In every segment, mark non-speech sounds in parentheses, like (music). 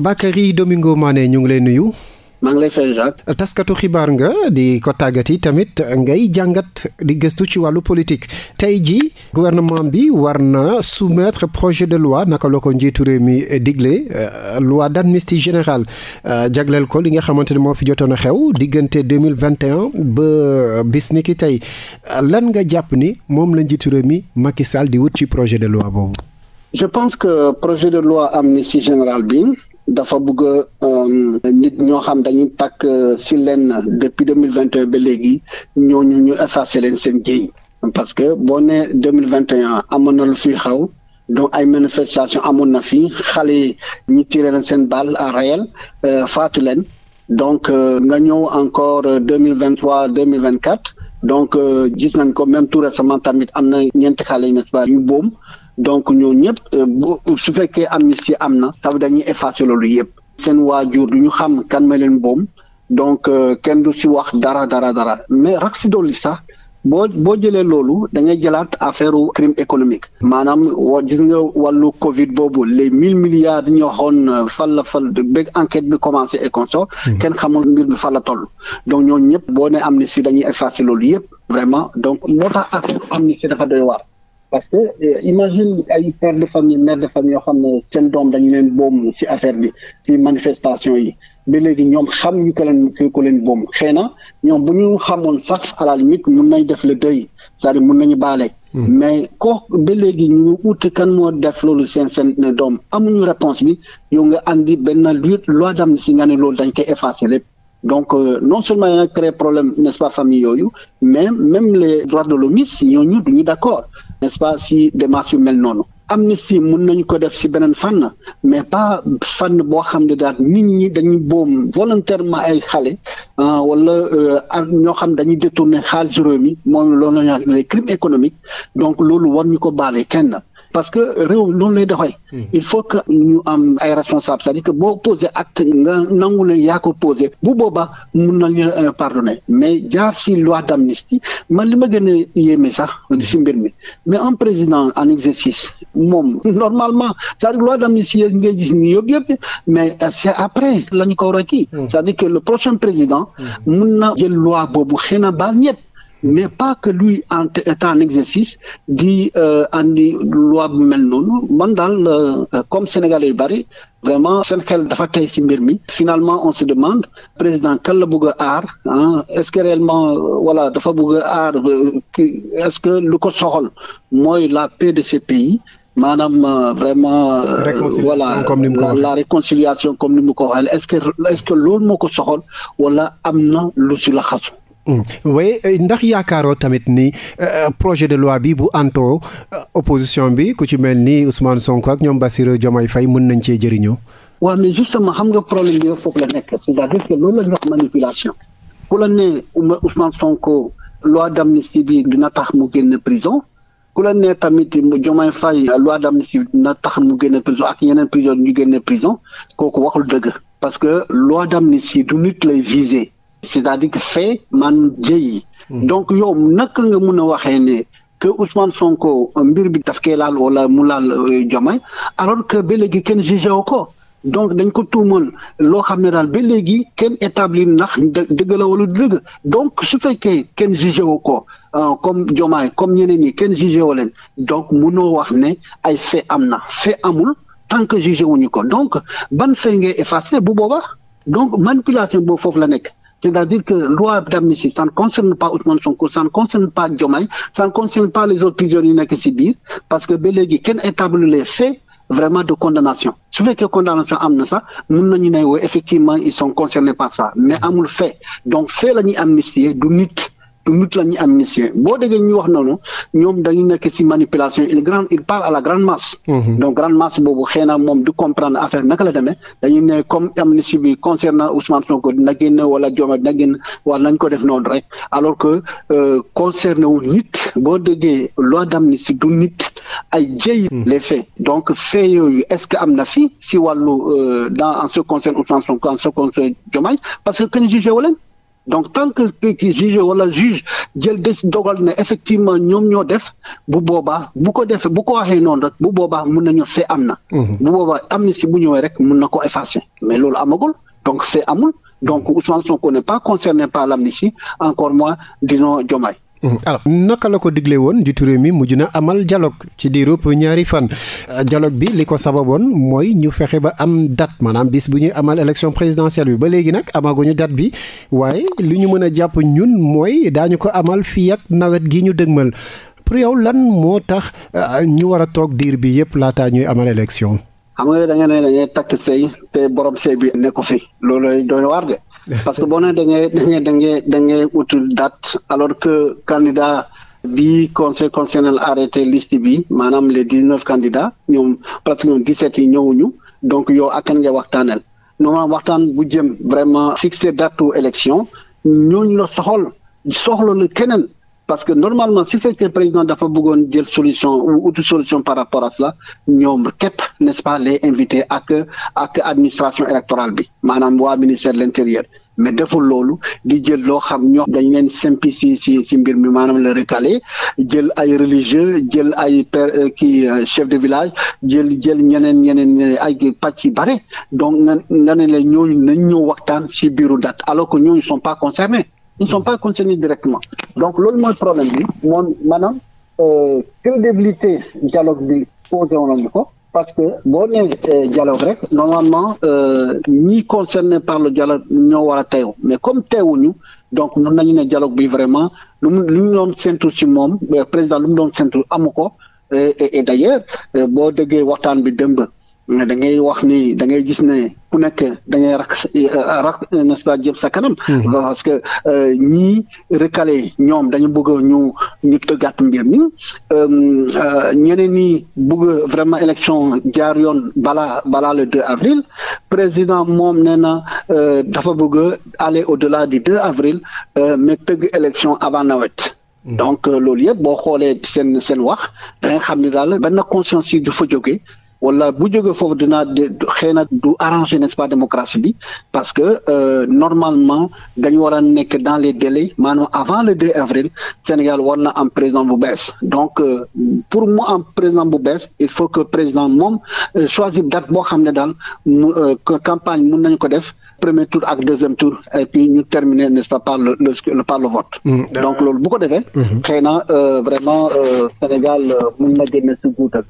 Bakary Domingo Mané ñu ngi lay nuyu. maa ngi lay fay Jacques. taskatu xibaar nga di ko tàggat yi tamit ngay jàngat di gëstu ci wàllu politique tey jii gouvernement bi war na soumettre projet de loi naka la ko njiitu réew mi digle euh, loi d'amnistie générale euh, jagleel ko li nga xamante ne moo fi jotoon a xew diggante deux mille vingt et ba bis ni ki tey lan nga jàpp ni moom la njiitu réew mi Macky Sall di wut ci projet de loi boobu. je pense que projet de loi amnistie générale bi. dafa bëgg a um, nit ñoo xam dañuy takk euh, si leen depuis deux mille vingt ba léegi ñooñu ñu effacé leen seen jéy parce que boo nee deux mille vingt et amoon na lu fi xaw donc ay manifestation amoon na fi xale yi ñu tiré leen seen balle à réel euh, faatu leen donc euh, nga ñëw encore deux mille vingt deux mille vingt quatre donc gis nañ ko même tout récemment tamit am na ñeenti xale yi n'est-ce pas ñu boom donc ñoo ñëpp euh, su fekkee amnistie am na ça veut dañuy effacer loolu yëpp seen waajur du ñu xam kan ma leen boom donc euh, kenn du si wax dara dara dara mais rax si dolli sax boo boo jëlee loolu da ngay jëlaat affaire crime économique maanaam wa gis nga wàllu Covid boobu les mille milliards ñoo xoon euh, fan la fan bëgg enquête bi commencé et consort hmm. kenn xamul mbir bi fan la toll donc ñooñ ñëpp boo ne amnistie dañuy effacer loolu yëpp vraiment donc moo tax affaire amnistie dafa doy waar parce que euh, imagine ay père de famille mère de famille yoo xam ne seen doom dañu leen boom ci affaire bi ci manifestation yi ba léegi ñoom xam ñu ko leen ku ko boom xëy na ñoom bu ñu xamoon sax à la mun nañ def le deuil c'est-à-dire mun nañu baale. Hmm. mais ko ba léegi ñu ut kan moo def loolu seen seen ne doom amuñu réponse bi yow nga andi benn lutte loi d'amnistie nga ne loolu dañ koy effacer lépp. donc euh, non seulement y a problème n'est-ce pas famille yooyu mais même les droits de l'homme ñooñu du ñu d'accord n'est-ce pas si démarche yu mel noonu amnistie mun nañu ko def si beneen fànn mais pas fànn boo xam ne daal nit ñi dañuy boom volontairement ay xale ah, wala euh, ak ñoo xam dañuy détourner xaalis réew mi moom loolu la ñuy les crimes donc loolu war ñu ko baale kenn parce que réew noonu lay doxee. Hmm. il faut que ñu am ay responsable c'est-à-dire que boo posé acte nga nangu ne yaa ko posé bu boobaa mun nañu euh, pardonner mais jaar si loi d'amnistie man li ma gën a yéeme sax si mbir mi mais un président en exercice moom (laughs) normalement c'est-à-dire loi d'amnistie ngay gis nii yëpp yëpp mais euh, c'est après la ñu ko war a kii hmm. c'est-à-dire que le prochain président hmm. mun na jël loi boobu xëy na baal ñëpp mais pas que lui en étant en exercice di euh, andi loi bu mel noonu man daal euh, comme sénégalais yu bari vraiment seen xel dafa tey si mbir mi finalement on se demande président kan la bëgg a aar ah est-ce que réellement wala euh, dafa bëgg a aar est-ce que lu ko soxal mooy la paix de ces pays maanaam vraiment voilà la réconciliation comme ni mu ko waxee est-ce que est loolu moo ko soxal wala am na lu ci la xasu waaye mm. euh, ndax yaakaaroo tamit ni euh, euh, projet de loi bi bu antoo opposition bi ku ci mel ni Ousmane Sonko ak ñoom Bassirou Diomaye fay mën nañ cee jëriñoo. waaw mais sama xam nga problème bi foofu la nekk c'est-à-dire que loolu la ñuy wax ku la ne Ousmane Sonko loi d'amnistie bi dina tax mu génn prison ku la ne tamit Diomaye fay loi d'amnistie bi dina tax mu génn prison ak yeneen prison ñu génne prison kooku waxul dëgg parce que loi d'amnistie du nit lay viser. c'est-à-dire que fait man jëyi hmm. donc yow naka nga mun a waxee ne que Ousmane Sonko mbir bi daf koy laal wala mu laal euh, Diomaye alors que be léegi kenn jugé wu ko donc dañ ko tuumal loo xam ne daal ba léegi kenn établi ndax dëgg la wala dëgg donc su fekkee kenn jugé wu ko euh, comme Diomaye comme ñeneen ñi kenn jugé wu leen donc munoo wax ne ay fait am na fait amul tant que jugé wuñu ko donc ban fait ngay effacé bu boobaa donc manipulation boobu foofu la nekk. C'est-à-dire que loi d'amnistie, ça ne concerne pas Ousmane Sonko, ça ne concerne pas Diomaye, ça concerne pas les autres prisonniers yu nekk si parce que ba léegi kenn établi les faits vraiment de condamnation su fekkee condamnation am na sax na nañu ne woo effectivement ils sont concernés par ça mais amul fait donc fait la ñuy amnistier du nit. nit la ñuy amnistie boo déggee ñu wax noonu ñoom dañu nekk ci manipulation il grand il parle à la grande masse. Mm-hmm. donc grande masse boobu xëy na moom du comprendre affaire naka la demee dañu ne comme amnistie bi concernant Ousmane Sonko dina génn wala Diomaye dina génn wala nañ ko def noonu rek alors que euh, concerné wu nit boo déggee loi d'amnistie du nit ay jëy mm-hmm. les faits donc faits yooyu est-ce que am na fi si wàllu euh, dans en ce qui concerne Ousmane Sonko en ce concerne Diomaye parce que donc tant que ki juge wala juge jël des dogal ne effectivement ñoom ñoo def bu boobaa bu ko defee bu ko waxee noonu rek bu boobaa mun na nañu fee am na. Mhm. bu boobaa si bu ñëwee rek mun na ko effacer mais loolu amagul donc fee amul donc Ousmane Sonko n'est pas concerné par l'amnistie encore moins disons Diomaye. Mm. alors naka la ko digle woon njiitu mi mujj na amal dialogue ci diirub ñaari fan jaloog euh, bi li ko sababoon mooy ñu fexe ba am date maanaam bis bu ñuy amal élection présidentielle bi ba léegi nag amaaguñu date bi waaye li ñu mën a jàpp ñun mooy daañu ko amal fii ak nawet gi ñu dëgmal pour yow lan moo tax euh, ñu war a toog diir bi yëpp laataa ñuy amal élection. xam nga da nga takk sëy te borom sëy bi nekku fi loolu doy waar de. parce que boo nee da dangee da ngay da ngay da ngay utul date alors que candidat bi conseil constitutionnel arrêté liste bi maanaam les dix neuf candidats ñoom presque ñoom dix sept yi ñëwuñu donc yow ak kan nga waxtaanal waxtaan bu jëm vraiment fixé date élection ñooñu la soxol soxla keneen. parce que normalement su fekkee président dafa bëggoon jël solution ou autre solution par rapport à cela ñoom képp n'est-ce pas les invités ak ak administration électorale bi maanaam waa ministère de l'intérieur mais deful loolu di jël loo xam ñoox dañ leen simpi si si mbir mi maanaam le recalé jël ay religieux jël ay père euh, kii euh, chef de village jël jël ñeneen ñeneen ay pàcc yu bare donc nga nga ne la ñooñu nañ ñëw waxtaan si biiru date alors que ñooñu sont pas concernés ils ne sont pas concernés directement donc loolu mooy problème bi moom maanaam crédibilité euh, dialogue bi posé woon ko parce que boo nee euh, dialogue rek normalement euh, ñi concernés par le dialogue ñoo war a teew mais comme teewuñu donc mën nañu ne dialogue bi vraiment lu mu lu ñu doon séntu si moom président lu mu doon séntu amu ko et d'ailleurs boo déggee waxtaan bi dëmb da ngay wax ni da ngay gis ne ku nekk da ngay rak eh, eh, rak eh, n'est-ce sa kanam. Mm-hmm. parce que euh, ñii recalé ñoom dañu bëgg ñu ñu tëggaat mbir ni euh, ñeneen ñi bëgg vraiment élection jaar yoon balaa balaa le 2 avril président moom nee na euh, dafa bëgg aller au-delà du 2 avril mais tëgg élection avant nawet. Mm-hmm. donc loolu yëpp boo xoolee seen seen wax da xam ni daal benn conscience yi du fa jógee. wala bu jógee foofu dinaa xëy na du arranger n'est-ce bi parce que euh, normalement dañu war nekk dans les délais maanaam avant le 2 avril Sénégal war na am président bu bees donc euh, pour mu am président bu bees il faut que président moom euh, choisir date boo xam ne daal mu euh, campagne mun nañu ko def premier tour ak deuxième tour et puis ñu terminer n'est-ce pas par le, le par vote. Mm. donc loolu bu ko defee. Mm-hmm. xëy Sénégal mun na génne si guutal.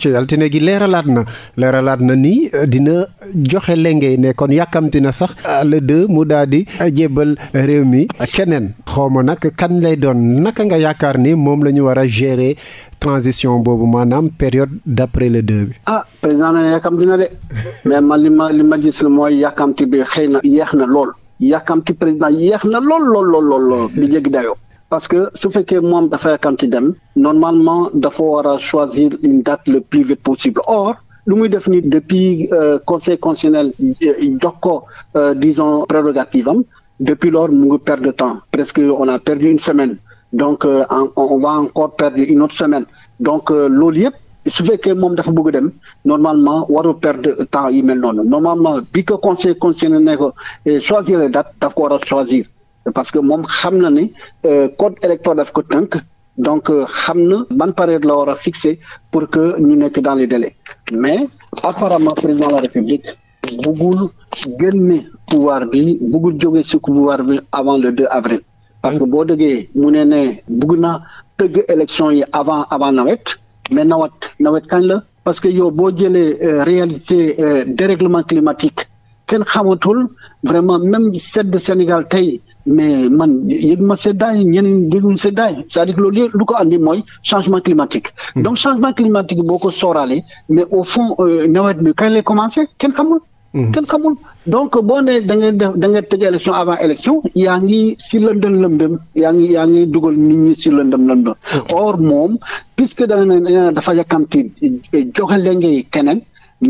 ci gi leeral leeralaat na leeralaat na ni euh, dina joxe lenge ne kon yàkkamti na sax euh, le deux mu daal di euh, jébbal réew mi ceneen xaw ma nag kan lay doon naka nga yaakaar ni moom la ñu war a gérer transition boobu maanaam période d'après le deux bi. ah président na yàkkamti na de mais man li ma li ma gis mooy yàkkamti bi xëy na yeex na lool yàkkamti président yeex na lool lool lool bi jéggi dayoo. parce que su fekkee moom dafa kanti dem normalement dafa war a choisir une date le plus vite possible or lu muy def ni depuis euh, conseil constitutionnel euh, jox ko euh, disons prérogative am depuis lors mu ngi de temps presque on a perdu une semaine donc euh, on va encore perdre une autre semaine donc loolu yëpp su fekkee moom dafa bëgg dem normalement waru perdre temps yi mel noonu normalement bi ko conseil constitutionnel ne ko eh, choisir les dates daf ko war choisir parce que moom xam na ne euh, code électoral daf ko tënk donc euh, xam na ban période la war a fixé pour que ñu nekk dans les délais mais apparemment président de la république buggul génne pouvoir bi buggul jóge ci pouvoir bi avant le avril parce que boo déggee mu ne ne bugg na tëgg élection yi avant avant nawet mais nawet nawet kañ la parce que yow boo jëlee euh, réalité dérèglement climatique kenn xamatul vraiment même sedd Sénégal tey mais man yëguma seddaay ñeneen yëguñu seddaay c'est-à-dire loolu yëpp lu ko andi mooy changement climatique. Hmm. donc changement climatique boo ko sóoraale mais au fond euh, nawet bi kañ lay commencé kenn xamul. Hmm. kenn xamul donc boo nee da ngay def da ngay tëj élection avant élection yaa ngi si lëndëm lëndëm yaa ngi yaa ngi dugal ni ñi si lëndëm lëndëm. Hmm. or moom puisque da nga dafa yàkkamti eh, joxe lenge keneen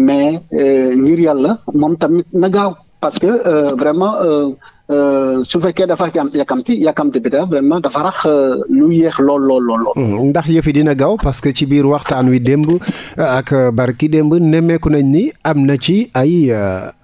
mais euh, ngir yàlla moom tamit na gaaw parce que euh, vraiment. Euh, su fekkee dafa yàkkamti yàkkamti bi daal vraiment dafa rax euh, lu yéex lool lool lool. Hmm, ndax yëfi dina gaaw parce que ci biir waxtaan wi démb euh, ak barki démb nemmeeku nañ ni am na ci ay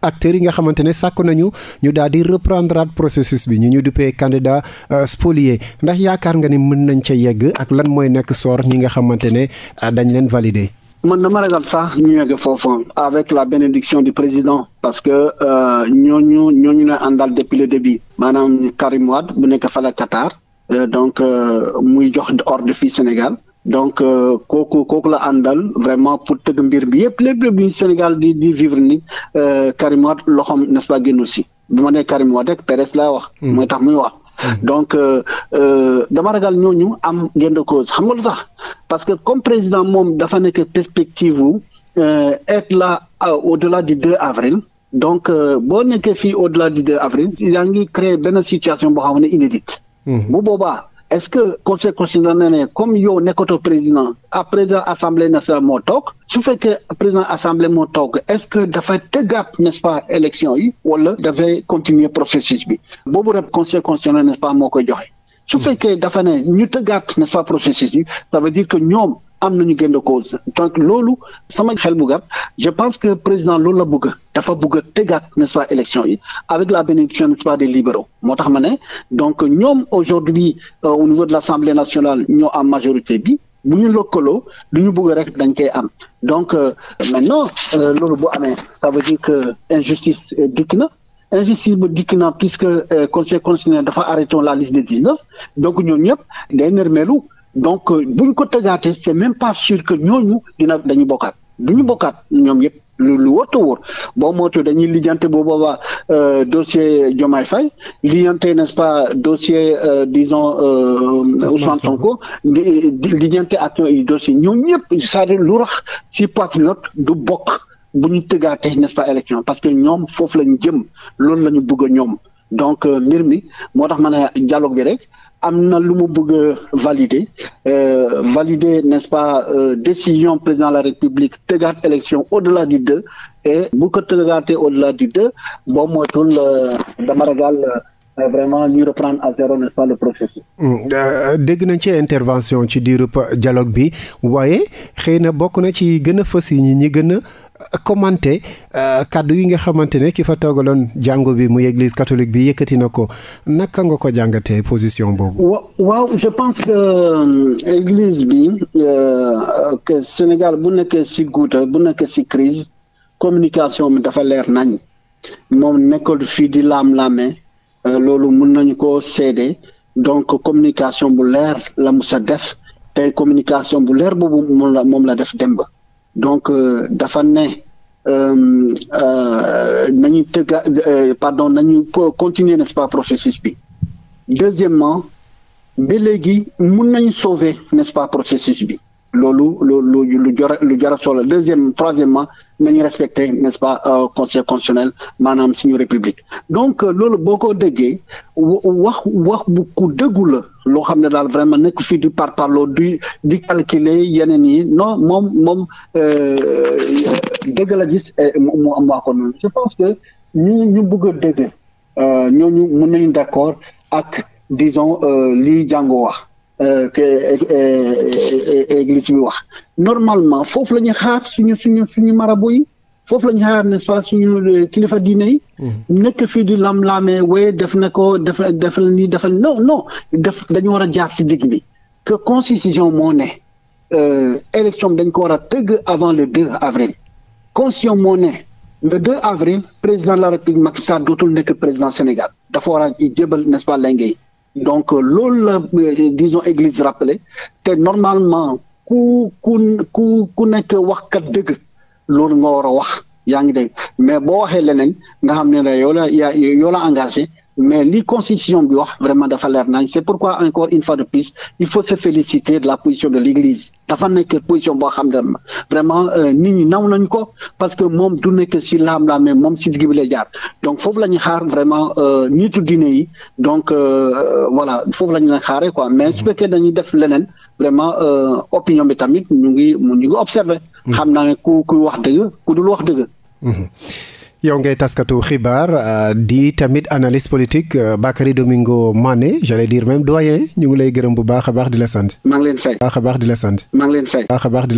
acteurs yi nga xamante ne sàkk nañu ñu daal di reprendre processus bi ñu ñu duppee candidat spolié ndax yaakaar nga ni mën nañ ca yegg ak lan mooy nekk sor ñi nga xamante ne dañ leen valider. man dama ragal sax ñu yegg foofu avec la bénédiction du président parce que euh, ñooñu ñooñu ne àndal depuis le début maanaam Karim bu nekk fala Qatar euh, donc euh, muy jox ordre fii Sénégal donc kooku kooku la àndal vraiment pour tëgg mbir bi yëpp lépp lépp Sénégal di di vivre ni Karim Wade loxoom n'est-ce pas génn si bu ma nee Karim Wade rek Pérez laa wax. Hmm. mooy tax muy wax. Mm-hmm. donc euh, euh, dama ragal ñooñu am gain de cause xam nga lu sax parce que comme président moom dafa nekk perspective wu euh, être là au-delà du 2 avril. donc boo nekkee fii au-delà du 2 avril yaa ngi créer benn situation boo xam ne inédite. Mm-hmm. bu boobaa est-ce que conseil constitutionnel ne comme yow nekkatoo président à président assemblée nationale moo toog su fekkee président assemblée moo toog est-ce que dafa tëggaat n'est-ce pas élection yi wala dafay continuer processus bi boobu rek conseil constitutionnel n'est-ce pas moo koy joxe su hmm. fekkee dafa ne ñu tëggaat n'est-ce pas processus yi ça veut dire que ñoom am nañu gain de cause donc loolu sama xel bu gàtt je pense que président loolu la bëgg dafa bëgg a tegaat n'est-ce élection yi avec la bénédiction n'est-ce pas des libéraux moo tax ma ne donc ñoom aujourd'hui euh, au niveau de l'Assemblée nationale ñoo en majorité bi bu ñu lëkkaloo du ñu bëgg rek dañ koy am donc euh, maintenant euh, loolu bu amee ça veut dire que injustice euh, dikk na injustice ba dikk na puisque euh, conseil constitutionnel dafa arrêté la liste des 19 donc ñoom ñëpp day nermeelu donc euh, bu ko tëgaatee c'est même pas sûr que ñooñu dina dañuy bokkaat du ñu bokkaat ñoom yëpp lu lu wóor te wóor boo moytuwul dañuy lijjante bu boobaa euh, dossier Diomaye Faye lijjante n'est-ce pas dossier euh, disons Ousmane Sonko lijjante ak dossier ñoom ñëpp c'est-à-dire lu rax ci patriote du bokk bu ñu tëgaatee n'est-ce pas élection parce que ñoom foofu lañu jëm loolu la ñu bëgg a ñoom donc mbir mi moo tax ma ne dialogue bi rek. am na lu mu bëgg a valider euh, valider n'est-ce pas euh, décision président de la République tëgaat élection au-delà du deux et bu ko tëgaatee au-delà du deux boo moytul euh, dama ragal euh, vraiment ñu reprendre à mm, euh, dégg nañ ci intervention ci diirub dialogue bi waaye xëy na bokk na ci gën a fës yi ñi ñi gën a euh, commenté euh, kàddu yi nga xamante ne ki fa toogaloon jàngo bi muy église catholique bi yëkkati na ko naka nga ko jàngatee position boobu. waaw je pense que église bi Sénégal bu nekkee si guuta bu nekkee si crise communication bi dafa leer nañ moom nekkul fii di laam-laamee. Euh, loolu mun nañu ko seede donc communication bu leer la mu sa def te communication bu leer boobu moom la moom la def demb donc euh, dafa ne euh, nañu tëgga pardon nañu continuer n'est-ce pas processus bi deuxièmement ba léegi mun nañu sauver n'est-ce pas processus bi loolu lu lu lu jor lu jara solo deuxième troisièmement nañu respecté n'est-ce pas euh, conseil constitutionnel maanaam suñu république donc euh, loolu boo ko déggee wax wax bu ku dëggu la loo xam ne daal vraiment nekk fii di par parloo du di calculer yeneen yi non moom moom euh, dëgg la gis mu am waa ko noonu je pense que ñu ñu bëgg a dégg ñooñu mën nañu d'accord ak disons lii jàngo wax Euh, euh, euh, église bi wax normalement foofu la ñuy xaar suñu suñu suñu marabu yi foofu la xaar nest suñu kilifa diine yi. Mmh. nekk fii di lam-lamee waaye def na ko def defal nii defal non non def dañu war a jaar si digg bi que constitution moo ne élection dañ ko war a tëgg avant le 2 avril constitution moo ne le 2 avril président de la république Macky Sall dootul nekk président Sénégal dafa war a jëbal n'est-ce pas donc euh, loolu la euh, disons église rappelé te normalement ku ku ku ku nekk waxkat dëgg loolu nga war a wax yaa ngi dégg mais boo waxee leneen nga xam ne la yow la yaa yow engagé mais li constitution bi wax vraiment dafa leer nañ c'est pourquoi encore une fois de plus il faut se féliciter de la position de l'église dafa nekk position boo xam ne vraiment euh, nit ñi naw nañ ko parce que moom du nekk si laam laam mais moom si digg bi lay jaar donc foofu la ñuy xaar vraiment euh, nitu diine yi donc wala euh, foofu lañ ñu leen xaaree quoi mais su fekkee dañuy def leneen vraiment opinion bi tamit ñu ngi ñu ngi observer mm. xam naa ku ku wax dëgg ku dul wax dëgg Mhm. yow ngay taskatu xibaar euh, di tamit analyse politique euh, Bakary Domingo Mané j'allais dire même doyen ñu ngi lay gërëm bu baax a baax di la sant. maa ngi leen fekk baax a baax di la sant. maa ngi leen a baax